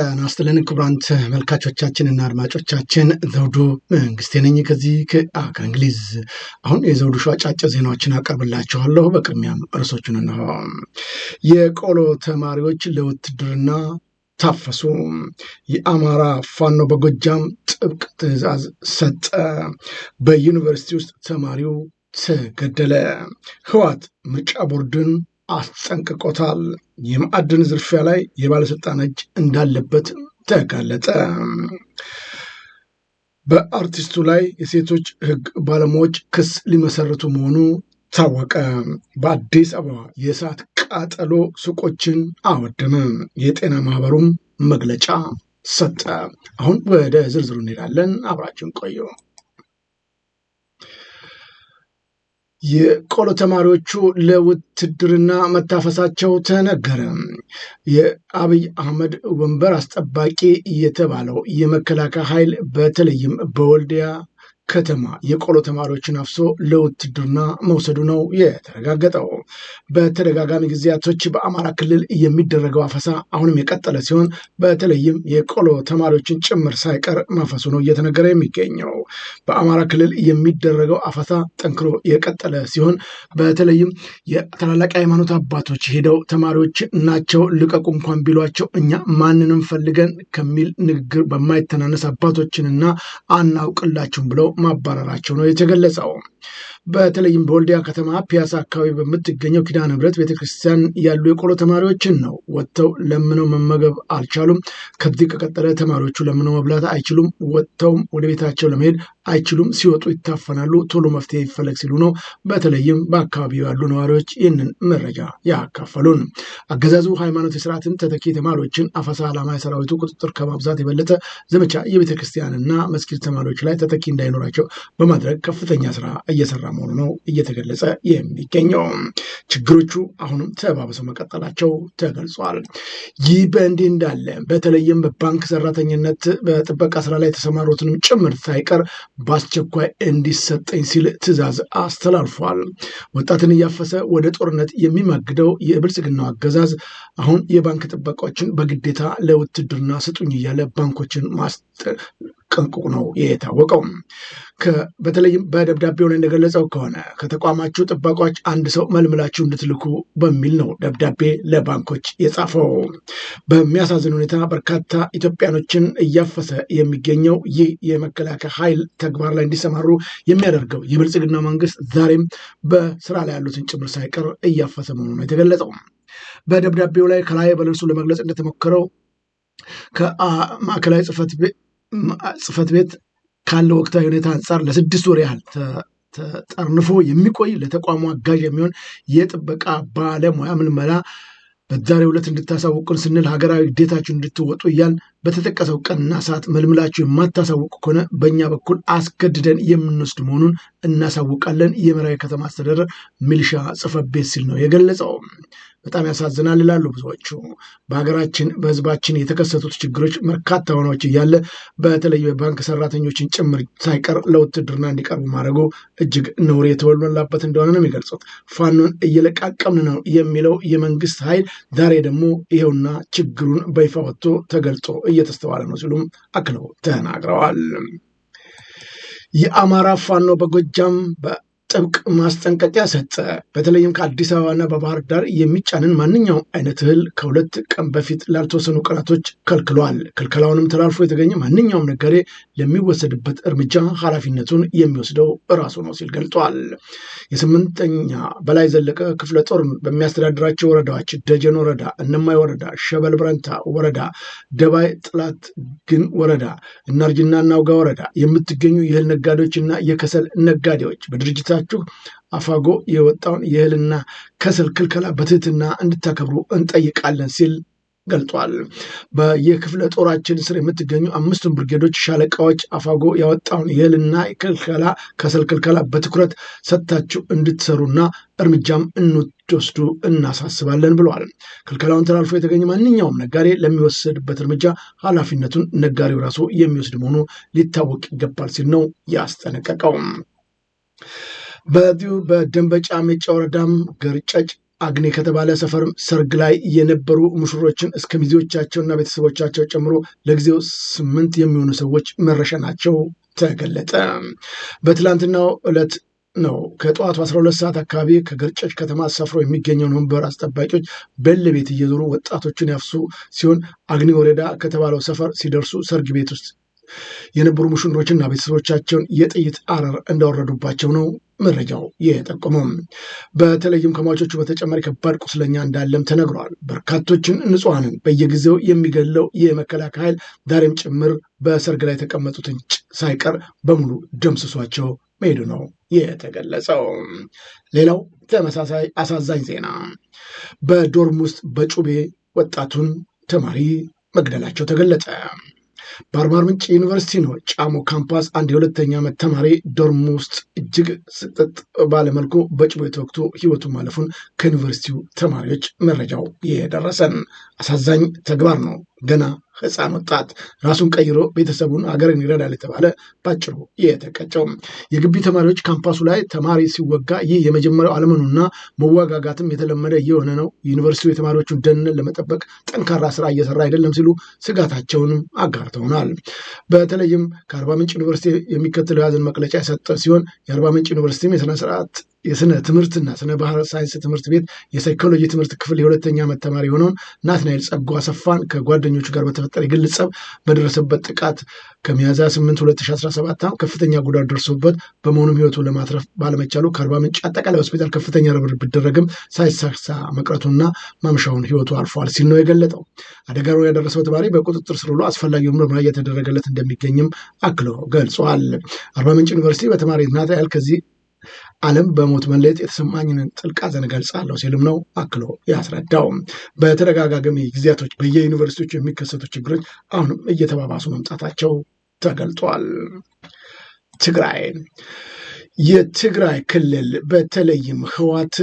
ጤና ይስጥልን ክቡራን ተመልካቾቻችንና አድማጮቻችን ዘውዱ መንግስቴ ነኝ ከዚህ ከእንግሊዝ አሁን የዘውዱ ሾው አጫጭር ዜናዎችን አቀርብላችኋለሁ። በቅድሚያም ርዕሶቹን እንሆ። የቆሎ ተማሪዎች ለውትድርና ታፈሱ። የአማራ ፋኖ በጎጃም ጥብቅ ትዕዛዝ ሰጠ። በዩኒቨርሲቲ ውስጥ ተማሪው ተገደለ። ህወሓት ምርጫ ቦርድን አስጠንቅቆታል። የማዕድን ዝርፊያ ላይ የባለስልጣን እጅ እንዳለበት ተጋለጠ። በአርቲስቱ ላይ የሴቶች ህግ ባለሙያዎች ክስ ሊመሰርቱ መሆኑ ታወቀ። በአዲስ አበባ የእሳት ቃጠሎ ሱቆችን አወደመ። የጤና ማህበሩም መግለጫ ሰጠ። አሁን ወደ ዝርዝሩ እንሄዳለን። አብራችን ቆዩ። የቆሎ ተማሪዎቹ ለውትድርና መታፈሳቸው ተነገረ። የአብይ አህመድ ወንበር አስጠባቂ የተባለው የመከላከያ ኃይል በተለይም በወልዲያ ከተማ የቆሎ ተማሪዎችን አፍሶ ለውትድርና መውሰዱ ነው የተረጋገጠው። በተደጋጋሚ ጊዜያቶች በአማራ ክልል የሚደረገው አፈሳ አሁንም የቀጠለ ሲሆን በተለይም የቆሎ ተማሪዎችን ጭምር ሳይቀር ማፈሱ ነው እየተነገረ የሚገኘው። በአማራ ክልል የሚደረገው አፈሳ ጠንክሮ የቀጠለ ሲሆን በተለይም የታላላቅ ሃይማኖት አባቶች ሄደው ተማሪዎች ናቸው ልቀቁ እንኳን ቢሏቸው እኛ ማንንም ፈልገን ከሚል ንግግር በማይተናነስ አባቶችንና አናውቅላችሁም ብለው ማባረራቸው ነው የተገለጸው። በተለይም በወልዲያ ከተማ ፒያሳ አካባቢ በምትገኘው ኪዳነ ምሕረት ቤተክርስቲያን ያሉ የቆሎ ተማሪዎችን ነው ወጥተው ለምነው መመገብ አልቻሉም። ከዚህ ከቀጠለ ተማሪዎቹ ለምነው መብላት አይችሉም፣ ወጥተውም ወደ ቤታቸው ለመሄድ አይችሉም። ሲወጡ ይታፈናሉ። ቶሎ መፍትሄ ይፈለግ ሲሉ ነው በተለይም በአካባቢው ያሉ ነዋሪዎች ይህንን መረጃ ያካፈሉን። አገዛዙ ሃይማኖት የስርዓትን ተተኪ ተማሪዎችን አፈሳ ዓላማ የሰራዊቱ ቁጥጥር ከማብዛት የበለጠ ዘመቻ የቤተክርስቲያንና መስጊድ ተማሪዎች ላይ ተተኪ እንዳይኖራቸው በማድረግ ከፍተኛ ስራ እየሰራ መሆኑ ነው እየተገለጸ የሚገኘው። ችግሮቹ አሁንም ተባብሰው መቀጠላቸው ተገልጿል። ይህ በእንዲህ እንዳለ በተለይም በባንክ ሰራተኝነት በጥበቃ ስራ ላይ የተሰማሩትንም ጭምር ሳይቀር በአስቸኳይ እንዲሰጠኝ ሲል ትዕዛዝ አስተላልፏል። ወጣትን እያፈሰ ወደ ጦርነት የሚማግደው የብልጽግናው አገዛዝ አሁን የባንክ ጥበቃዎችን በግዴታ ለውትድርና ስጡኝ እያለ ባንኮችን ጥንቅቁ ነው የታወቀው። በተለይም በደብዳቤው ላይ እንደገለጸው ከሆነ ከተቋማችሁ ጥበቃዎች አንድ ሰው መልምላችሁ እንድትልኩ በሚል ነው ደብዳቤ ለባንኮች የጻፈው። በሚያሳዝን ሁኔታ በርካታ ኢትዮጵያኖችን እያፈሰ የሚገኘው ይህ የመከላከያ ኃይል ተግባር ላይ እንዲሰማሩ የሚያደርገው የብልጽግና መንግስት ዛሬም በስራ ላይ ያሉትን ጭምር ሳይቀር እያፈሰ መሆኑ ነው የተገለጸው። በደብዳቤው ላይ ከላይ በልብሱ ለመግለጽ እንደተሞከረው ከማዕከላዊ ጽህፈት ቤት ጽህፈት ቤት ካለው ወቅታዊ ሁኔታ አንጻር ለስድስት ወር ያህል ተጠርንፎ የሚቆይ ለተቋሙ አጋዥ የሚሆን የጥበቃ ባለሙያ ምልመላ በዛሬው ዕለት እንድታሳውቁን ስንል ሀገራዊ ግዴታችሁን እንድትወጡ እያል በተጠቀሰው ቀንና ሰዓት መልምላችሁ የማታሳውቁ ከሆነ በእኛ በኩል አስገድደን የምንወስድ መሆኑን እናሳውቃለን። የመራዊ ከተማ አስተዳደር ሚሊሻ ጽህፈት ቤት ሲል ነው የገለጸው። በጣም ያሳዝናል ይላሉ ብዙዎቹ። በሀገራችን በህዝባችን የተከሰቱት ችግሮች በርካታ ሆኖች እያለ በተለይ የባንክ ሰራተኞችን ጭምር ሳይቀር ለውትድርና እንዲቀርቡ ማድረጉ እጅግ ነውር የተወለላበት እንደሆነ ነው የሚገልጹት። ፋኖን እየለቃቀምን ነው የሚለው የመንግስት ኃይል ዛሬ ደግሞ ይኸውና ችግሩን በይፋ ወጥቶ ተገልጾ እየተስተዋለ ነው ሲሉም አክለው ተናግረዋል። የአማራ ፋኖ በጎጃም ጥብቅ ማስጠንቀቂያ ሰጠ። በተለይም ከአዲስ አበባና በባህር ዳር የሚጫንን ማንኛውም አይነት እህል ከሁለት ቀን በፊት ላልተወሰኑ ቀናቶች ከልክሏል። ክልከላውንም ተላልፎ የተገኘ ማንኛውም ነጋዴ ለሚወሰድበት እርምጃ ኃላፊነቱን የሚወስደው ራሱ ነው ሲል ገልጧል። የስምንተኛ በላይ ዘለቀ ክፍለ ጦር በሚያስተዳድራቸው ወረዳዎች ደጀን ወረዳ፣ እነማይ ወረዳ፣ ሸበል ብረንታ ወረዳ፣ ደባይ ጥላት ግን ወረዳ፣ እናርጅና እናውጋ ወረዳ የምትገኙ የእህል ነጋዴዎች እና የከሰል ነጋዴዎች በድርጅታ አስታውሳችሁ አፋጎ የወጣውን የእህልና ከሰል ክልከላ በትህትና እንድታከብሩ እንጠይቃለን ሲል ገልጧል። በየክፍለ ጦራችን ስር የምትገኙ አምስቱን ብርጌዶች ሻለቃዎች አፋጎ ያወጣውን የእህልና ክልከላ ከሰል ክልከላ በትኩረት ሰጥታችሁ እንድትሰሩና እርምጃም እንድትወስዱ እናሳስባለን ብለዋል። ክልከላውን ተላልፎ የተገኘ ማንኛውም ነጋዴ ለሚወሰድበት እርምጃ ኃላፊነቱን ነጋዴው ራሱ የሚወስድ መሆኑ ሊታወቅ ይገባል ሲል ነው ያስጠነቀቀው። በዚሁ በደንበጫ ሜጫ ወረዳም ገርጨጭ አግኔ ከተባለ ሰፈር ሰርግ ላይ የነበሩ ሙሽሮችን እስከ ሚዜዎቻቸውና ቤተሰቦቻቸው ጨምሮ ለጊዜው ስምንት የሚሆኑ ሰዎች መረሻ ናቸው። ተገለጠ። በትላንትናው ዕለት ነው ከጠዋቱ 12 ሰዓት አካባቢ ከገርጨች ከተማ ሰፍሮ የሚገኘውን ወንበር አስጠባቂዎች በለቤት እየዞሩ ወጣቶችን ያፍሱ ሲሆን አግኒ ወረዳ ከተባለው ሰፈር ሲደርሱ ሰርግ ቤት ውስጥ የነበሩ ሙሽሮችና ቤተሰቦቻቸውን የጥይት አረር እንዳወረዱባቸው ነው መረጃው የጠቆመው። በተለይም ከሟቾቹ በተጨማሪ ከባድ ቁስለኛ እንዳለም ተነግሯል። በርካቶችን ንጹሐንን በየጊዜው የሚገለው የመከላከያ ኃይል ዛሬም ጭምር በሰርግ ላይ የተቀመጡትን ሳይቀር በሙሉ ደምስሷቸው መሄዱ ነው የተገለጸው። ሌላው ተመሳሳይ አሳዛኝ ዜና በዶርም ውስጥ በጩቤ ወጣቱን ተማሪ መግደላቸው ተገለጸ። በአርባ ምንጭ ዩኒቨርሲቲ ነው ጫሞ ካምፓስ አንድ የሁለተኛ ዓመት ተማሪ ዶርም ውስጥ እጅግ ስጥጥ ባለመልኩ በጭቦ የተወቅቶ ህይወቱ ማለፉን ከዩኒቨርሲቲው ተማሪዎች መረጃው የደረሰን አሳዛኝ ተግባር ነው። ገና ህፃን ወጣት ራሱን ቀይሮ ቤተሰቡን ሀገርን ይረዳል የተባለ ባጭሩ የተቀጨው የግቢ ተማሪዎች ካምፓሱ ላይ ተማሪ ሲወጋ ይህ የመጀመሪያው አለመኑና መዋጋጋትም የተለመደ እየሆነ ነው። ዩኒቨርሲቲው የተማሪዎቹን ደህንነት ለመጠበቅ ጠንካራ ስራ እየሰራ አይደለም ሲሉ ስጋታቸውንም አጋርተውናል። በተለይም ከአርባ ምንጭ ዩኒቨርሲቲ የሚከተለው የሀዘን መግለጫ የሰጠ ሲሆን የአርባ ምንጭ ዩኒቨርሲቲም የስነ ስርዓት የስነ ትምህርትና ስነ ባህር ሳይንስ ትምህርት ቤት የሳይኮሎጂ ትምህርት ክፍል የሁለተኛ ዓመት ተማሪ የሆነውን ናትናኤል ጸጉ አሰፋን ከጓደኞቹ ጋር በተፈጠረ የግል ጸብ በደረሰበት ጥቃት ከሚያዝያ 8 2017 ዓ.ም ከፍተኛ ጉዳት ደርሶበት በመሆኑም ህይወቱ ለማትረፍ ባለመቻሉ ከአርባ ምንጭ አጠቃላይ ሆስፒታል ከፍተኛ ረብር ቢደረግም ሳይሳሳ መቅረቱና ማምሻውን ህይወቱ አልፏል ሲል ነው የገለጠው። አደጋሩ ያደረሰው ተማሪ በቁጥጥር ስር ውሎ አስፈላጊውን ምርመራ እየተደረገለት እንደሚገኝም አክሎ ገልጿል። አርባ ምንጭ ዩኒቨርሲቲ በተማሪ ናትናኤል ከዚህ ዓለም በሞት መለየት የተሰማኝንን ጥልቅ ሐዘን እገልጻለሁ ሲልም ነው አክሎ ያስረዳው። በተደጋጋሚ ጊዜያቶች በየዩኒቨርሲቲዎች የሚከሰቱ ችግሮች አሁንም እየተባባሱ መምጣታቸው ተገልጧል። ትግራይ የትግራይ ክልል በተለይም ህዋት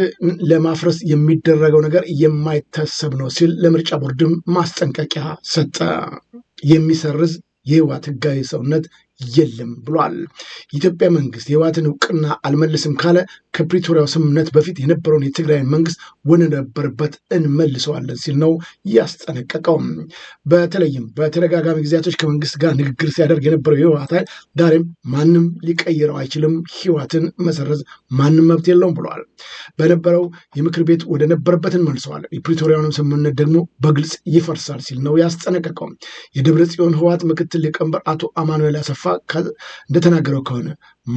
ለማፍረስ የሚደረገው ነገር የማይታሰብ ነው ሲል ለምርጫ ቦርድም ማስጠንቀቂያ ሰጠ። የሚሰርዝ የህዋት ህጋዊ ሰውነት የለም ብሏል። የኢትዮጵያ መንግስት የህወሓትን እውቅና አልመልስም ካለ ከፕሪቶሪያው ስምምነት በፊት የነበረውን የትግራይን መንግስት ነበርበት እንመልሰዋለን ሲል ነው ያስጠነቀቀው። በተለይም በተደጋጋሚ ጊዜያቶች ከመንግስት ጋር ንግግር ሲያደርግ የነበረው የህወሓት ኃይል ዳሬም ማንም ሊቀይረው አይችልም፣ ህወሓትን መሰረዝ ማንም መብት የለውም ብለዋል። በነበረው የምክር ቤት ወደነበረበት እንመልሰዋለን፣ የፕሪቶሪያውንም ስምምነት ደግሞ በግልጽ ይፈርሳል ሲል ነው ያስጠነቀቀው። የደብረ ጽዮን ህወሓት ምክትል ሊቀመንበር አቶ አማኑኤል ያሰፋ እንደተናገረው ከሆነ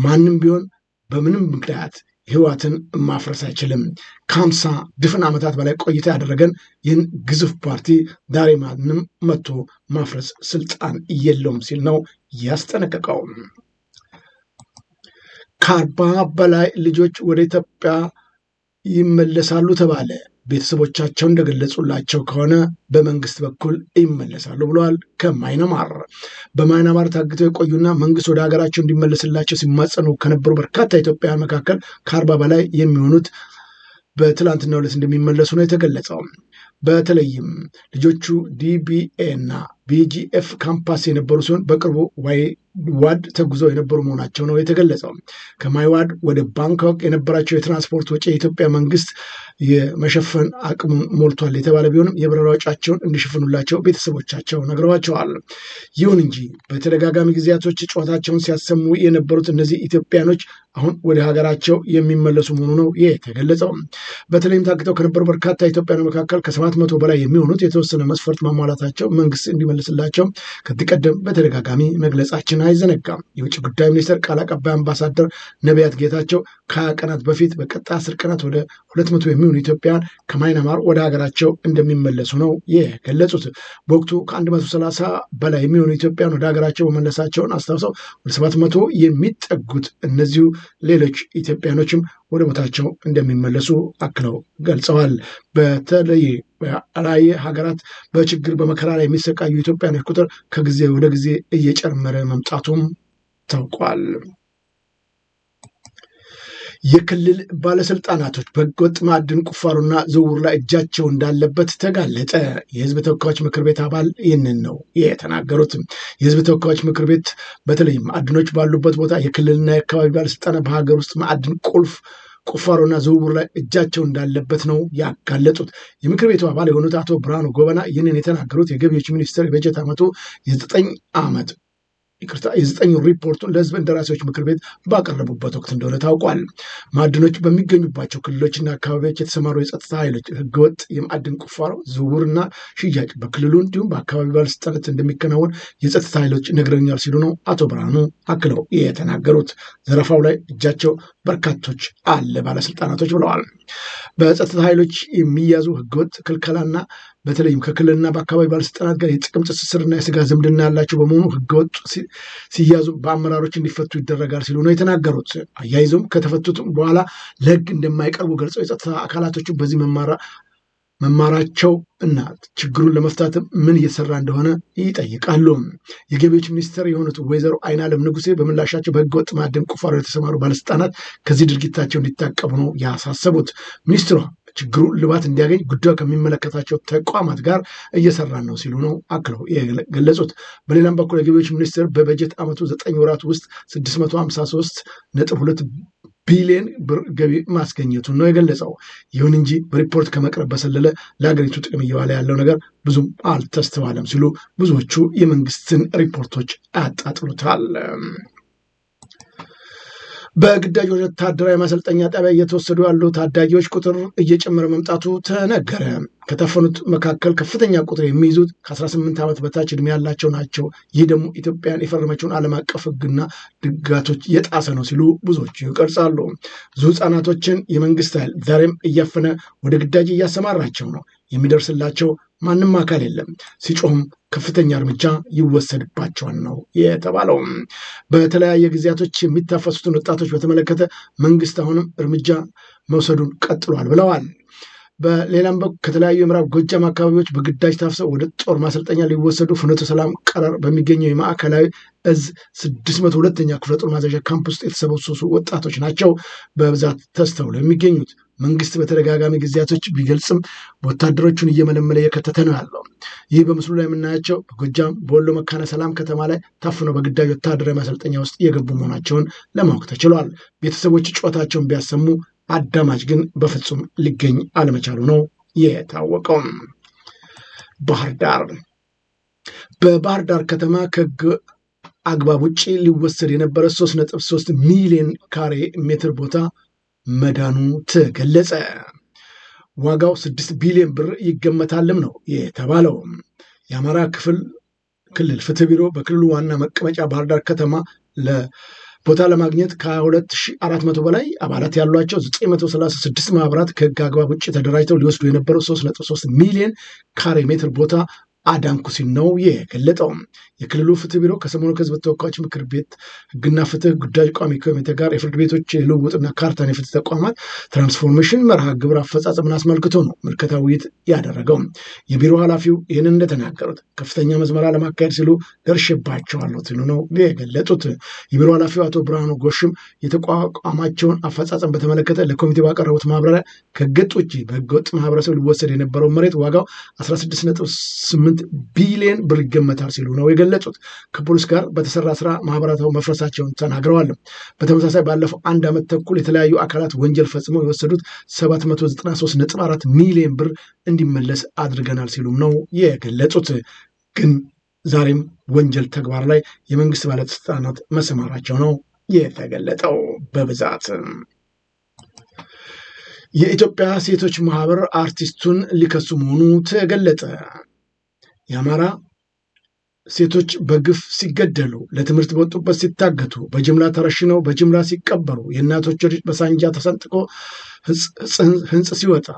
ማንም ቢሆን በምንም ምክንያት ህወሓትን ማፍረስ አይችልም። ከሀምሳ ድፍን ዓመታት በላይ ቆይታ ያደረገን ይህን ግዙፍ ፓርቲ ዛሬ ማንም መጥቶ ማፍረስ ስልጣን የለውም ሲል ነው ያስጠነቀቀው። ከአርባ በላይ ልጆች ወደ ኢትዮጵያ ይመለሳሉ ተባለ። ቤተሰቦቻቸው እንደገለጹላቸው ከሆነ በመንግስት በኩል ይመለሳሉ ብለዋል። ከማይነማር በማይነማር ታግተው የቆዩና መንግስት ወደ ሀገራቸው እንዲመለስላቸው ሲማጸኑ ከነበሩ በርካታ ኢትዮጵያውያን መካከል ከአርባ በላይ የሚሆኑት በትላንትና ዕለት እንደሚመለሱ ነው የተገለጸው። በተለይም ልጆቹ ዲቢኤ እና ቢጂኤፍ ካምፓስ የነበሩ ሲሆን በቅርቡ ዋድ ተጉዘው የነበሩ መሆናቸው ነው የተገለጸው። ከማይዋድ ወደ ባንኮክ የነበራቸው የትራንስፖርት ወጪ የኢትዮጵያ መንግስት የመሸፈን አቅሙን ሞልቷል የተባለ ቢሆንም የበረራ ወጫቸውን እንዲሸፍኑላቸው ቤተሰቦቻቸው ነግረዋቸዋል። ይሁን እንጂ በተደጋጋሚ ጊዜያቶች ጨዋታቸውን ሲያሰሙ የነበሩት እነዚህ ኢትዮጵያኖች አሁን ወደ ሀገራቸው የሚመለሱ መሆኑ ነው የተገለጸው። በተለይም ታግተው ከነበሩ በርካታ ኢትዮጵያውያን መካከል ከሰባት መቶ በላይ የሚሆኑት የተወሰነ መስፈርት ማሟላታቸው መንግስት እንዲመለ እንደሚመልስላቸው ከዚህ ቀደም በተደጋጋሚ መግለጻችን አይዘነጋም። የውጭ ጉዳይ ሚኒስቴር ቃል አቀባይ አምባሳደር ነቢያት ጌታቸው ከሀያ ቀናት በፊት በቀጣ አስር ቀናት ወደ ሁለት መቶ የሚሆኑ ኢትዮጵያን ከማይናማር ወደ ሀገራቸው እንደሚመለሱ ነው የገለጹት። በወቅቱ ከአንድ መቶ ሰላሳ በላይ የሚሆኑ ኢትዮጵያን ወደ ሀገራቸው መመለሳቸውን አስታውሰው ወደ ሰባት መቶ የሚጠጉት እነዚሁ ሌሎች ኢትዮጵያኖችም ወደ ቦታቸው እንደሚመለሱ አክለው ገልጸዋል። በተለይ በራይ ሀገራት በችግር በመከራ ላይ የሚሰቃዩ ኢትዮጵያኖች ቁጥር ከጊዜ ወደ ጊዜ እየጨመረ መምጣቱም ታውቋል። የክልል ባለስልጣናቶች በህገወጥ ማዕድን ቁፋሮና ዝውውር ላይ እጃቸው እንዳለበት ተጋለጠ። የህዝብ ተወካዮች ምክር ቤት አባል ይህንን ነው የተናገሩት። የህዝብ ተወካዮች ምክር ቤት በተለይም ማዕድኖች ባሉበት ቦታ የክልልና የአካባቢ ባለስልጣናት በሀገር ውስጥ ማዕድን ቁልፍ ቁፋሮና ዝውውር ላይ እጃቸው እንዳለበት ነው ያጋለጡት። የምክር ቤቱ አባል የሆኑት አቶ ብርሃኑ ጎበና ይህንን የተናገሩት የገቢዎች ሚኒስቴር የበጀት ዓመቱ የዘጠኝ ዓመት ይቅርታ የዘጠኙ ሪፖርቱን ለህዝብ እንደራሴዎች ምክር ቤት ባቀረቡበት ወቅት እንደሆነ ታውቋል። ማዕድኖች በሚገኙባቸው ክልሎችና አካባቢዎች የተሰማሩ የጸጥታ ኃይሎች ህገወጥ የማዕድን ቁፋሮ፣ ዝውውርና ሽያጭ በክልሉ እንዲሁም በአካባቢ ባለስልጣናት እንደሚከናወን የጸጥታ ኃይሎች ነግረኛል ሲሉ ነው አቶ ብርሃኑ አክለው የተናገሩት። ዘረፋው ላይ እጃቸው በርካቶች አለ ባለስልጣናቶች ብለዋል። በጸጥታ ኃይሎች የሚያዙ ህገወጥ ክልከላና በተለይም ከክልልና በአካባቢ ባለስልጣናት ጋር የጥቅም ትስስርና የስጋ ዝምድና ያላቸው በመሆኑ ህገወጥ ሲያዙ በአመራሮች እንዲፈቱ ይደረጋል ሲሉ ነው የተናገሩት። አያይዞም ከተፈቱት በኋላ ለህግ እንደማይቀርቡ ገልጸው የጸጥታ አካላቶችን በዚህ መማራቸው እና ችግሩን ለመፍታት ምን እየሰራ እንደሆነ ይጠይቃሉ። የገቢዎች ሚኒስትር የሆኑት ወይዘሮ አይናለም ንጉሴ በምላሻቸው በህገወጥ ማዕድን ቁፋሮ የተሰማሩ ባለስልጣናት ከዚህ ድርጊታቸው እንዲታቀቡ ነው ያሳሰቡት። ሚኒስትሯ ችግሩ ልባት እንዲያገኝ ጉዳዩ ከሚመለከታቸው ተቋማት ጋር እየሰራን ነው ሲሉ ነው አክለው የገለጹት። በሌላም በኩል የገቢዎች ሚኒስቴር በበጀት ዓመቱ ዘጠኝ ወራት ውስጥ 653 ነጥብ ሁለት ቢሊዮን ብር ገቢ ማስገኘቱን ነው የገለጸው። ይሁን እንጂ በሪፖርት ከመቅረብ በሰለለ ለሀገሪቱ ጥቅም እየዋለ ያለው ነገር ብዙም አልተስተዋለም ሲሉ ብዙዎቹ የመንግስትን ሪፖርቶች አጣጥሉታል። በግዳጅ ወታደራዊ ማሰልጠኛ ጣቢያ እየተወሰዱ ያሉ ታዳጊዎች ቁጥር እየጨመረ መምጣቱ ተነገረ። ከታፈኑት መካከል ከፍተኛ ቁጥር የሚይዙት ከ18 ዓመት በታች እድሜ ያላቸው ናቸው። ይህ ደግሞ ኢትዮጵያን የፈረመችውን ዓለም አቀፍ ሕግና ድጋቶች የጣሰ ነው ሲሉ ብዙዎቹ ይቀርጻሉ። ብዙ ህጻናቶችን የመንግስት ኃይል ዛሬም እያፈነ ወደ ግዳጅ እያሰማራቸው ነው። የሚደርስላቸው ማንም አካል የለም። ሲጮም ከፍተኛ እርምጃ ይወሰድባቸዋል ነው የተባለው። በተለያየ ጊዜያቶች የሚታፈሱትን ወጣቶች በተመለከተ መንግስት አሁንም እርምጃ መውሰዱን ቀጥሏል ብለዋል። በሌላም በኩል ከተለያዩ የምዕራብ ጎጃም አካባቢዎች በግዳጅ ታፍሰው ወደ ጦር ማሰልጠኛ ሊወሰዱ ፍኖተ ሰላም ቀረር በሚገኘው የማዕከላዊ እዝ 602ኛ ክፍለ ጦር ማዘዣ ካምፕ ውስጥ የተሰበሰሱ ወጣቶች ናቸው በብዛት ተስተውለው የሚገኙት። መንግስት በተደጋጋሚ ጊዜያቶች ቢገልጽም ወታደሮቹን እየመለመለ እየከተተ ነው ያለው። ይህ በምስሉ ላይ የምናያቸው በጎጃም በወሎ መካነ ሰላም ከተማ ላይ ታፍነው በግዳጅ ወታደራዊ ማሰልጠኛ ውስጥ የገቡ መሆናቸውን ለማወቅ ተችሏል። ቤተሰቦች ጩኸታቸውን ቢያሰሙ አዳማጭ ግን በፍጹም ሊገኝ አለመቻሉ ነው የታወቀው። ባህር ዳር በባህር ዳር ከተማ ከህግ አግባብ ውጭ ሊወሰድ የነበረ 3.3 ሚሊዮን ካሬ ሜትር ቦታ መዳኑ ተገለጸ። ዋጋው ስድስት ቢሊዮን ብር ይገመታልም ነው የተባለው። የአማራ ክፍል ክልል ፍትህ ቢሮ በክልሉ ዋና መቀመጫ ባህር ዳር ከተማ ቦታ ለማግኘት ከ2400 በላይ አባላት ያሏቸው 936 ማህበራት ከህግ አግባብ ውጭ ተደራጅተው ሊወስዱ የነበረው 3.3 ሚሊዮን ካሬ ሜትር ቦታ አዳም ኩሲን ነው የገለጠው። የክልሉ ፍትህ ቢሮ ከሰሞኑ ከህዝብ ተወካዮች ምክር ቤት ህግና ፍትህ ጉዳዮች ቋሚ ኮሚቴ ጋር የፍርድ ቤቶች ልውውጥና ካርታን የፍትህ ተቋማት ትራንስፎርሜሽን መርሃ ግብር አፈጻጸምን አስመልክቶ ነው ምልከታ ውይይት ያደረገው። የቢሮ ኃላፊው ይህንን እንደተናገሩት ከፍተኛ መዝመራ ለማካሄድ ሲሉ ደርሼባቸዋለሁ ሲሉ ነው የገለጡት። የቢሮ ኃላፊው አቶ ብርሃኑ ጎሽም የተቋቋማቸውን አፈጻጸም በተመለከተ ለኮሚቴ ባቀረቡት ማብራሪያ ከገጥ ውጭ በህገወጥ ማህበረሰብ ሊወሰድ የነበረው መሬት ዋጋው 16 18 ቢሊዮን ብር ይገመታል ሲሉ ነው የገለጹት። ከፖሊስ ጋር በተሰራ ስራ ማህበራታዊ መፍረሳቸውን ተናግረዋል። በተመሳሳይ ባለፈው አንድ ዓመት ተኩል የተለያዩ አካላት ወንጀል ፈጽመው የወሰዱት 793.4 ሚሊዮን ብር እንዲመለስ አድርገናል ሲሉም ነው የገለጹት። ግን ዛሬም ወንጀል ተግባር ላይ የመንግስት ባለስልጣናት መሰማራቸው ነው የተገለጠው በብዛት የኢትዮጵያ ሴቶች ማህበር አርቲስቱን ሊከሱ መሆኑ ተገለጠ። የአማራ ሴቶች በግፍ ሲገደሉ፣ ለትምህርት በወጡበት ሲታገቱ፣ በጅምላ ተረሽነው በጅምላ ሲቀበሩ፣ የእናቶች ልጅ በሳንጃ ተሰንጥቆ ህንፅ ሲወጣ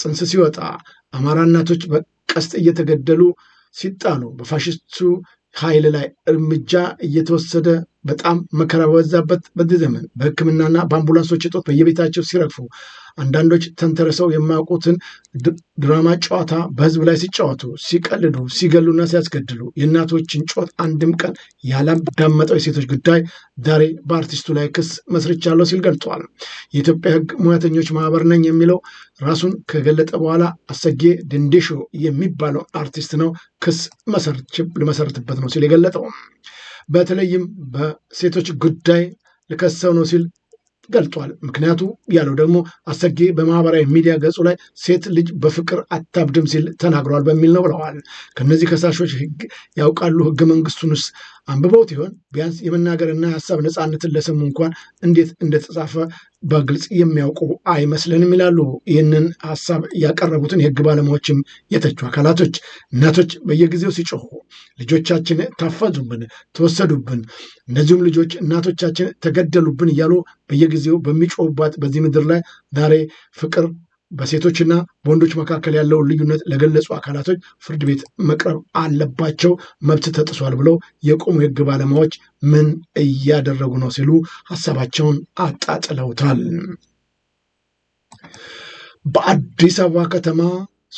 ጽንስ ሲወጣ፣ አማራ እናቶች በቀስት እየተገደሉ ሲጣሉ፣ በፋሽስቱ ኃይል ላይ እርምጃ እየተወሰደ በጣም መከራ በበዛበት በዚህ ዘመን በህክምናና በአምቡላንሶች እጦት በየቤታቸው ሲረግፉ አንዳንዶች ተንተርሰው የማያውቁትን ድራማ ጨዋታ በህዝብ ላይ ሲጫወቱ፣ ሲቀልዱ፣ ሲገሉና ሲያስገድሉ የእናቶችን ጮት አንድም ቀን ያላዳመጠው የሴቶች ጉዳይ ዛሬ በአርቲስቱ ላይ ክስ መስርቻለሁ ሲል ገልጿል። የኢትዮጵያ ህግ ሙያተኞች ማህበር ነኝ የሚለው ራሱን ከገለጠ በኋላ አሰጌ ድንዴሾ የሚባለው አርቲስት ነው ክስ ልመሰርትበት ነው ሲል የገለጠው። በተለይም በሴቶች ጉዳይ ልከሰው ነው ሲል ገልጿል። ምክንያቱ ያለው ደግሞ አሰጌ በማህበራዊ ሚዲያ ገጹ ላይ ሴት ልጅ በፍቅር አታብድም ሲል ተናግሯል በሚል ነው ብለዋል። ከነዚህ ከሳሾች ህግ ያውቃሉ ህገ መንግስቱንስ አንብበውት ይሆን? ቢያንስ የመናገርና የሀሳብ ነፃነትን ለስሙ እንኳን እንዴት እንደተጻፈ በግልጽ የሚያውቁ አይመስልንም ይላሉ። ይህንን ሀሳብ ያቀረቡትን የህግ ባለሙያዎችም የተቹ አካላቶች እናቶች በየጊዜው ሲጮሁ ልጆቻችን ታፈዙብን፣ ተወሰዱብን፣ እነዚሁም ልጆች እናቶቻችን ተገደሉብን እያሉ በየጊዜው በሚጮሁባት በዚህ ምድር ላይ ዛሬ ፍቅር በሴቶችና በወንዶች መካከል ያለውን ልዩነት ለገለጹ አካላቶች ፍርድ ቤት መቅረብ አለባቸው። መብት ተጥሷል ብለው የቆሙ የህግ ባለሙያዎች ምን እያደረጉ ነው ሲሉ ሀሳባቸውን አጣጥለውታል። በአዲስ አበባ ከተማ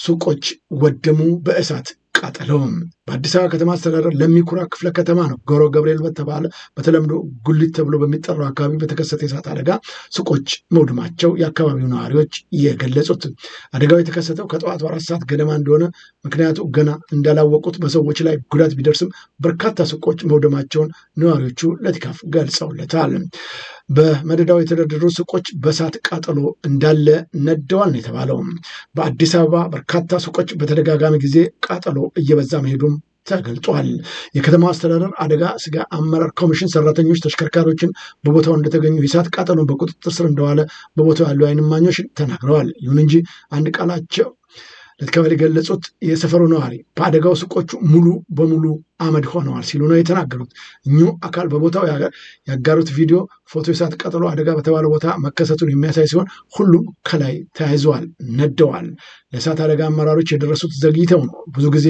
ሱቆች ወደሙ በእሳት ቃጠለውም። በአዲስ አበባ ከተማ አስተዳደር ለሚኩራ ክፍለ ከተማ ነው ገብረ ገብርኤል በተባለ በተለምዶ ጉሊት ተብሎ በሚጠራው አካባቢ በተከሰተ የእሳት አደጋ ሱቆች መውድማቸው የአካባቢው ነዋሪዎች የገለጹት። አደጋው የተከሰተው ከጠዋቱ አራት ሰዓት ገደማ እንደሆነ ምክንያቱ ገና እንዳላወቁት፣ በሰዎች ላይ ጉዳት ቢደርስም በርካታ ሱቆች መውደማቸውን ነዋሪዎቹ ለቲካፍ ገልጸውለታል። በመደዳው የተደረደሩ ሱቆች በእሳት ቃጠሎ እንዳለ ነደዋል ነው የተባለው። በአዲስ አበባ በርካታ ሱቆች በተደጋጋሚ ጊዜ ቃጠሎ እየበዛ መሄዱም ተገልጿል። የከተማ አስተዳደር አደጋ ስጋ አመራር ኮሚሽን ሰራተኞች ተሽከርካሪዎችን በቦታው እንደተገኙ የእሳት ቃጠሎን በቁጥጥር ስር እንደዋለ በቦታው ያሉ አይን እማኞች ተናግረዋል። ይሁን እንጂ አንድ ቃላቸው ለትከበደ የገለጹት የሰፈሩ ነዋሪ በአደጋው ሱቆቹ ሙሉ በሙሉ አመድ ሆነዋል ሲሉ ነው የተናገሩት። እኚሁ አካል በቦታው ያጋሩት ቪዲዮ ፎቶ የእሳት ቀጥሎ አደጋ በተባለ ቦታ መከሰቱን የሚያሳይ ሲሆን ሁሉም ከላይ ተያይዘዋል፣ ነደዋል። ለእሳት አደጋ አመራሮች የደረሱት ዘግይተው ነው። ብዙ ጊዜ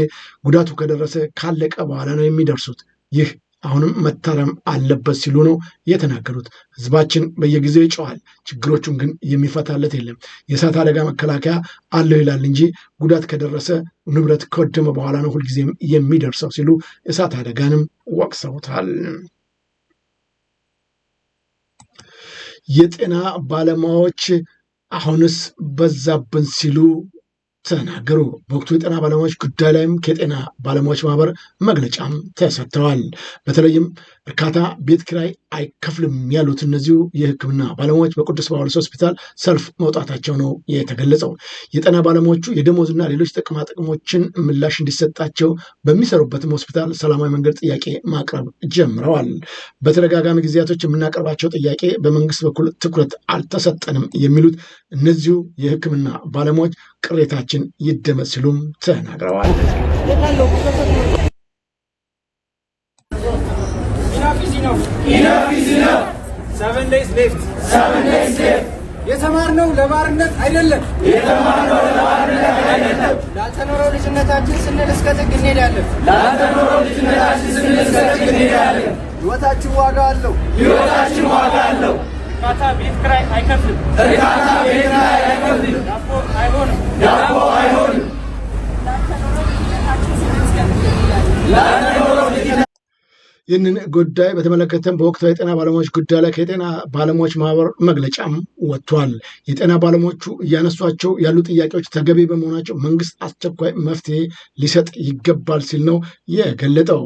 ጉዳቱ ከደረሰ ካለቀ በኋላ ነው የሚደርሱት። ይህ አሁንም መታረም አለበት ሲሉ ነው የተናገሩት። ህዝባችን በየጊዜው ይጨዋል ችግሮቹን ግን የሚፈታለት የለም። የእሳት አደጋ መከላከያ አለው ይላል እንጂ ጉዳት ከደረሰ ንብረት ከወደመ በኋላ ነው ሁልጊዜም የሚደርሰው ሲሉ እሳት አደጋንም ወቅሰውታል። የጤና ባለሙያዎች አሁንስ በዛብን ሲሉ ተናገሩ። በወቅቱ የጤና ባለሙያዎች ጉዳይ ላይም ከጤና ባለሙያዎች ማህበር መግለጫም ተሰጥተዋል። በተለይም እርካታ ቤት ኪራይ አይከፍልም ያሉት እነዚሁ የሕክምና ባለሙያዎች በቅዱስ ጳውሎስ ሆስፒታል ሰልፍ መውጣታቸው ነው የተገለጸው። የጤና ባለሙያዎቹ የደሞዝና ሌሎች ጥቅማ ጥቅሞችን ምላሽ እንዲሰጣቸው በሚሰሩበትም ሆስፒታል ሰላማዊ መንገድ ጥያቄ ማቅረብ ጀምረዋል። በተደጋጋሚ ጊዜያቶች የምናቀርባቸው ጥያቄ በመንግስት በኩል ትኩረት አልተሰጠንም የሚሉት እነዚሁ የሕክምና ባለሙያዎች ቅሬታችን ይደመጥ ሲሉም ተናግረዋል። enough. Enough is enough. Seven days left. Seven days left. የተማርነው ለባርነት አይደለም። የተማርነው ለባርነት አይደለም። ላልተኖረው ልጅነታችን ስንል እስከ ጥግ እንሄዳለን። ላልተኖረው ልጅነታችን ስንል እስከ ጥግ እንሄዳለን። ሕይወታችን ዋጋ አለው። ሕይወታችን ዋጋ አለው። እርካታ ቤት ኪራይ አይከፍልም። እርካታ ቤት ኪራይ አይከፍልም። ዳቦ አይሆንም። ዳቦ አይሆንም። ላልተኖረው ልጅነታችን ስንል እስከ ጥግ እንሄዳለን። ይህንን ጉዳይ በተመለከተም በወቅቱ የጤና ባለሙያዎች ጉዳይ ላይ ከጤና ባለሙያዎች ማህበር መግለጫም ወጥቷል። የጤና ባለሙያዎቹ እያነሷቸው ያሉ ጥያቄዎች ተገቢ በመሆናቸው መንግስት አስቸኳይ መፍትሄ ሊሰጥ ይገባል ሲል ነው የገለጠው።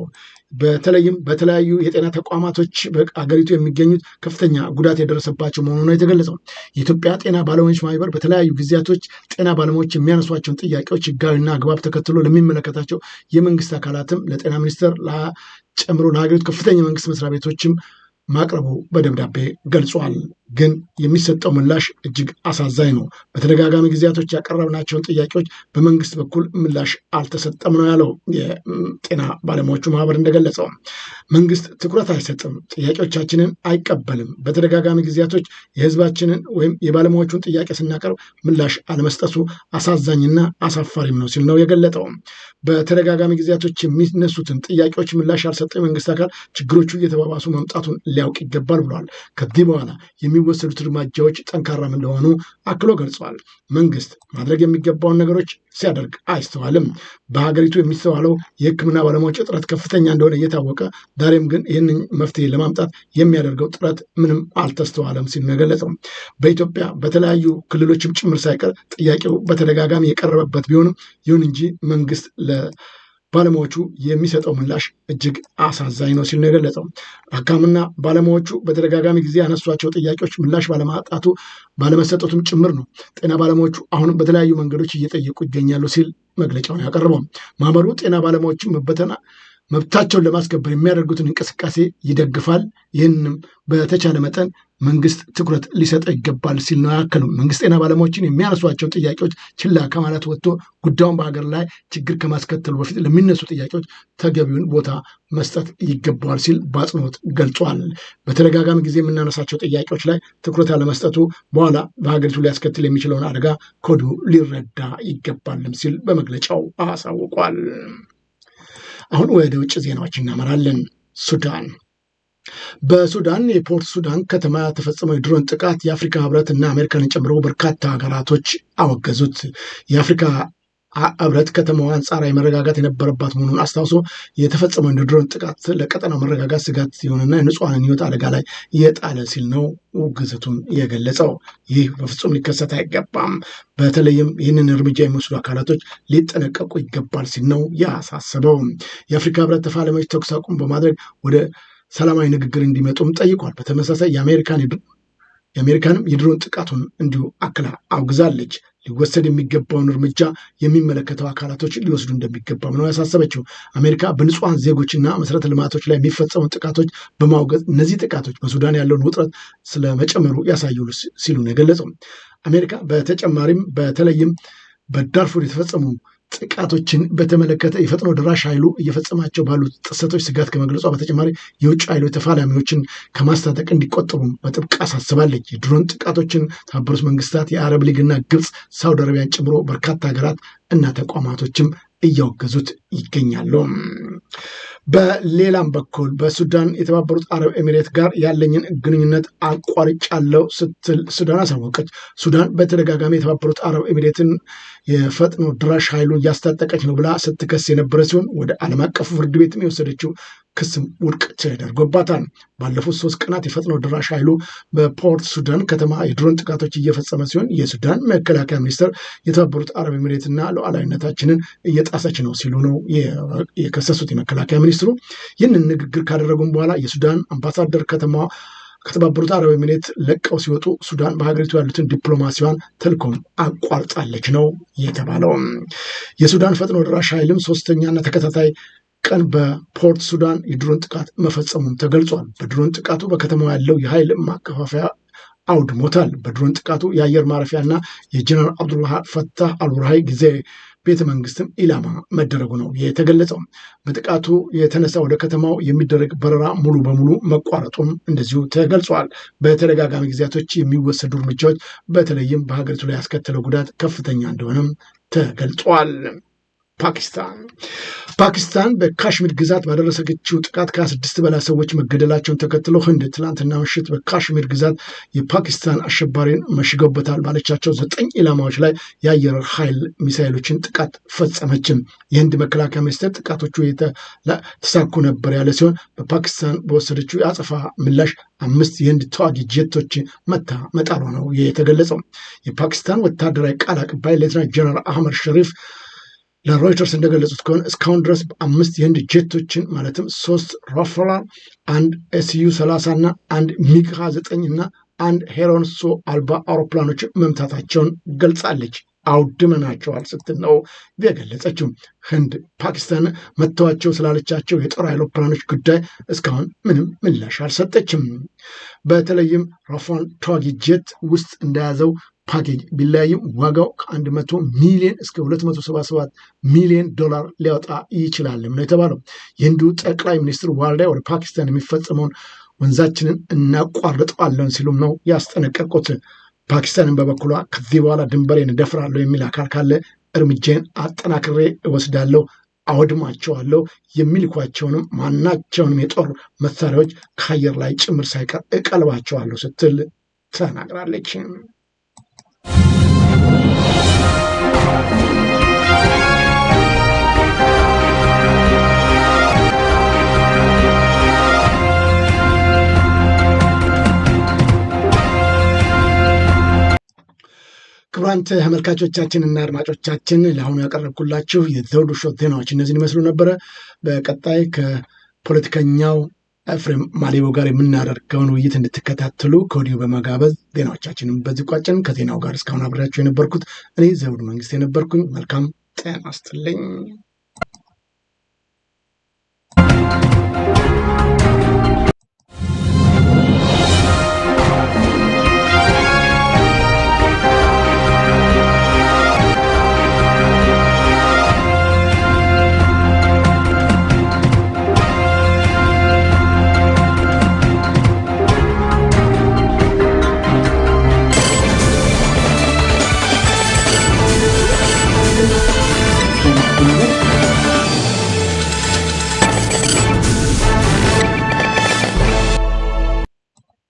በተለይም በተለያዩ የጤና ተቋማቶች አገሪቱ የሚገኙት ከፍተኛ ጉዳት የደረሰባቸው መሆኑ ነው የተገለጸው። የኢትዮጵያ ጤና ባለሙያዎች ማህበር በተለያዩ ጊዜያቶች ጤና ባለሙያዎች የሚያነሷቸውን ጥያቄዎች ህጋዊና አግባብ ተከትሎ ለሚመለከታቸው የመንግስት አካላትም ለጤና ሚኒስቴር ጨምሮ ለሀገሪቱ ከፍተኛ መንግስት መስሪያ ቤቶችም ማቅረቡ በደብዳቤ ገልጿል። ግን የሚሰጠው ምላሽ እጅግ አሳዛኝ ነው። በተደጋጋሚ ጊዜያቶች ያቀረብናቸውን ጥያቄዎች በመንግስት በኩል ምላሽ አልተሰጠም ነው ያለው የጤና ባለሙያዎቹ ማህበር እንደገለጸው መንግስት ትኩረት አይሰጥም፣ ጥያቄዎቻችንን አይቀበልም። በተደጋጋሚ ጊዜያቶች የህዝባችንን ወይም የባለሙያዎቹን ጥያቄ ስናቀርብ ምላሽ አለመስጠቱ አሳዛኝና አሳፋሪም ነው ሲል ነው የገለጠው። በተደጋጋሚ ጊዜያቶች የሚነሱትን ጥያቄዎች ምላሽ ያልሰጠ የመንግስት አካል ችግሮቹ እየተባባሱ መምጣቱን ሊያውቅ ይገባል ብሏል። ከዚህ በኋላ የሚ የሚወሰዱት እርምጃዎች ጠንካራም እንደሆኑ አክሎ ገልጿል። መንግስት ማድረግ የሚገባውን ነገሮች ሲያደርግ አይስተዋልም። በሀገሪቱ የሚስተዋለው የሕክምና ባለሙያዎች እጥረት ከፍተኛ እንደሆነ እየታወቀ ዛሬም ግን ይህንን መፍትሄ ለማምጣት የሚያደርገው ጥረት ምንም አልተስተዋለም ሲል የገለጸው። በኢትዮጵያ በተለያዩ ክልሎችም ጭምር ሳይቀር ጥያቄው በተደጋጋሚ የቀረበበት ቢሆንም ይሁን እንጂ መንግስት ለ ባለሙያዎቹ የሚሰጠው ምላሽ እጅግ አሳዛኝ ነው ሲል ነው የገለጸው። ሀካምና ባለሙያዎቹ በተደጋጋሚ ጊዜ ያነሷቸው ጥያቄዎች ምላሽ ባለማጣቱ ባለመሰጠቱም ጭምር ነው ጤና ባለሙያዎቹ አሁንም በተለያዩ መንገዶች እየጠየቁ ይገኛሉ ሲል መግለጫውን ያቀርበው ማህበሩ ጤና ባለሙያዎችን መበተና መብታቸውን ለማስከበር የሚያደርጉትን እንቅስቃሴ ይደግፋል። ይህንም በተቻለ መጠን መንግስት ትኩረት ሊሰጠ ይገባል ሲል ነው ያከሉ። መንግስት ጤና ባለሙያዎችን የሚያነሷቸውን ጥያቄዎች ችላ ከማለት ወጥቶ ጉዳዩን በሀገር ላይ ችግር ከማስከተሉ በፊት ለሚነሱ ጥያቄዎች ተገቢውን ቦታ መስጠት ይገባዋል ሲል በአጽንኦት ገልጿል። በተደጋጋሚ ጊዜ የምናነሳቸው ጥያቄዎች ላይ ትኩረት ያለመስጠቱ በኋላ በሀገሪቱ ሊያስከትል የሚችለውን አደጋ ከወዲሁ ሊረዳ ይገባልም ሲል በመግለጫው አሳውቋል። አሁን ወደ ውጭ ዜናዎች እናመራለን። ሱዳን በሱዳን የፖርት ሱዳን ከተማ ተፈጸመው የድሮን ጥቃት የአፍሪካ ህብረት እና አሜሪካንን ጨምሮ በርካታ ሀገራቶች አወገዙት። የአፍሪካ ህብረት ከተማዋ አንጻራዊ መረጋጋት የነበረባት መሆኑን አስታውሶ የተፈጸመው የድሮን ጥቃት ለቀጠናው መረጋጋት ስጋት የሆነና የንጹሐንን ህይወት አደጋ ላይ የጣለ ሲል ነው ውግዘቱን የገለጸው። ይህ በፍጹም ሊከሰት አይገባም፣ በተለይም ይህንን እርምጃ የሚወስዱ አካላቶች ሊጠነቀቁ ይገባል ሲል ነው ያሳሰበው። የአፍሪካ ህብረት ተፋላሚዎች ተኩስ አቁም በማድረግ ወደ ሰላማዊ ንግግር እንዲመጡም ጠይቋል። በተመሳሳይ የአሜሪካን የአሜሪካንም የድሮን ጥቃቱን እንዲሁ አክላ አውግዛለች። ሊወሰድ የሚገባውን እርምጃ የሚመለከተው አካላቶች ሊወስዱ እንደሚገባም ነው ያሳሰበችው። አሜሪካ በንጹሐን ዜጎችና መሰረተ ልማቶች ላይ የሚፈጸሙ ጥቃቶች በማውገዝ እነዚህ ጥቃቶች በሱዳን ያለውን ውጥረት ስለመጨመሩ ያሳያሉ ሲሉ ነው የገለጸው። አሜሪካ በተጨማሪም በተለይም በዳርፉር የተፈጸሙ ጥቃቶችን በተመለከተ የፈጥኖ ደራሽ ኃይሉ እየፈጸማቸው ባሉት ጥሰቶች ስጋት ከመግለጿ በተጨማሪ የውጭ ኃይሎች ተፋላሚዎችን ከማስታጠቅ እንዲቆጠቡም በጥብቅ አሳስባለች። የድሮን ጥቃቶችን ተባበሩት መንግስታት፣ የአረብ ሊግና ግብፅ፣ ሳውዲ አረቢያን ጨምሮ በርካታ ሀገራት እና ተቋማቶችም እያወገዙት ይገኛሉ። በሌላም በኩል በሱዳን የተባበሩት አረብ ኤሚሬት ጋር ያለኝን ግንኙነት አቋርጫለሁ ስትል ሱዳን አሳወቀች። ሱዳን በተደጋጋሚ የተባበሩት አረብ ኤሚሬትን የፈጥኖ ድራሽ ኃይሉን እያስታጠቀች ነው ብላ ስትከስ የነበረ ሲሆን ወደ ዓለም አቀፉ ፍርድ ቤትም የወሰደችው ክስም ውድቅ ተደርጎባታል። ባለፉት ሶስት ቀናት የፈጥኖ ድራሽ ኃይሉ በፖርት ሱዳን ከተማ የድሮን ጥቃቶች እየፈጸመ ሲሆን የሱዳን መከላከያ ሚኒስትር የተባበሩት አረብ ኤሚሬትና ሉዓላዊነታችንን እየጣሰች ነው ሲሉ ነው የከሰሱት። የመከላከያ ሚኒስትሩ ይህንን ንግግር ካደረጉም በኋላ የሱዳን አምባሳደር ከተማ ከተባበሩት አረብ ኤሚሬት ለቀው ሲወጡ ሱዳን በሀገሪቱ ያሉትን ዲፕሎማሲዋን ተልኮም አቋርጣለች ነው የተባለው። የሱዳን ፈጥኖ ድራሽ ኃይልም ሶስተኛና ተከታታይ ቀን በፖርት ሱዳን የድሮን ጥቃት መፈጸሙም ተገልጿል። በድሮን ጥቃቱ በከተማው ያለው የኃይል ማከፋፈያ አውድሞታል። በድሮን ጥቃቱ የአየር ማረፊያና የጀነራል አብዱልሃ ፈታህ አልቡርሃይ ጊዜ ቤተ መንግስትም ኢላማ መደረጉ ነው የተገለጸው። በጥቃቱ የተነሳ ወደ ከተማው የሚደረግ በረራ ሙሉ በሙሉ መቋረጡም እንደዚሁ ተገልጿል። በተደጋጋሚ ጊዜያቶች የሚወሰዱ እርምጃዎች በተለይም በሀገሪቱ ላይ ያስከተለው ጉዳት ከፍተኛ እንደሆነም ተገልጿል። ፓኪስታን ፓኪስታን በካሽሚር ግዛት ባደረሰችው ጥቃት ከስድስት በላይ ሰዎች መገደላቸውን ተከትሎ ህንድ ትላንትና ምሽት በካሽሚር ግዛት የፓኪስታን አሸባሪን መሽገውበታል ባለቻቸው ዘጠኝ ኢላማዎች ላይ የአየር ኃይል ሚሳይሎችን ጥቃት ፈጸመችም። የህንድ መከላከያ ሚኒስቴር ጥቃቶቹ የተሳኩ ነበር ያለ ሲሆን በፓኪስታን በወሰደችው የአጸፋ ምላሽ አምስት የህንድ ተዋጊ ጀቶች መታ መጣሉ ነው የተገለጸው። የፓኪስታን ወታደራዊ ቃል አቀባይ ሌተና ጀነራል አህመድ ሸሪፍ ለሮይተርስ እንደገለጹት ከሆነ እስካሁን ድረስ በአምስት የህንድ ጄቶችን ማለትም ሶስት ራፋል፣ አንድ ኤስዩ 30 እና አንድ ሚግሃ ዘጠኝ እና አንድ ሄሮን አልባ አውሮፕላኖችን መምታታቸውን ገልጻለች። አውድመናቸዋል ስትል ነው የገለጸችው። ህንድ ፓኪስታን መጥተዋቸው ስላለቻቸው የጦር አይሮፕላኖች ጉዳይ እስካሁን ምንም ምላሽ አልሰጠችም። በተለይም ራፋል ተዋጊ ጄት ውስጥ እንደያዘው ፓኬጅ ቢለያይም ዋጋው ከ መቶ ሚሊዮን እስከ 277 ሚሊዮን ዶላር ሊያወጣ ይችላልም ነው የተባለው። የህንዱ ጠቅላይ ሚኒስትር ዋልዳ ወደ ፓኪስታን የሚፈጸመውን ወንዛችንን እናቋርጠዋለን ሲሉም ነው ያስጠነቀቁት። ፓኪስታንን በበኩሏ ከዚህ በኋላ ድንበሬን እደፍራለሁ የሚል አካል ካለ እርምጃን አጠናክሬ እወስዳለሁ አወድማቸዋለሁ የሚልኳቸውንም ማናቸውንም የጦር መሳሪያዎች ከአየር ላይ ጭምር ሳይቀር እቀልባቸዋለሁ ስትል ተናግራለች። ክቡራን ተመልካቾቻችን እና አድማጮቻችን ለአሁኑ ያቀረብኩላችሁ የዘውዱ ሾው ዜናዎች እነዚህን ይመስሉ ነበረ። በቀጣይ ከፖለቲከኛው ኤፍሬም ማሌቦ ጋር የምናደርገውን ውይይት እንድትከታተሉ ከወዲሁ በመጋበዝ ዜናዎቻችንን በዚህ ቋጭን። ከዜናው ጋር እስካሁን አብሬያቸው የነበርኩት እኔ ዘውድ መንግስት የነበርኩኝ። መልካም ጤና ይስጥልኝ።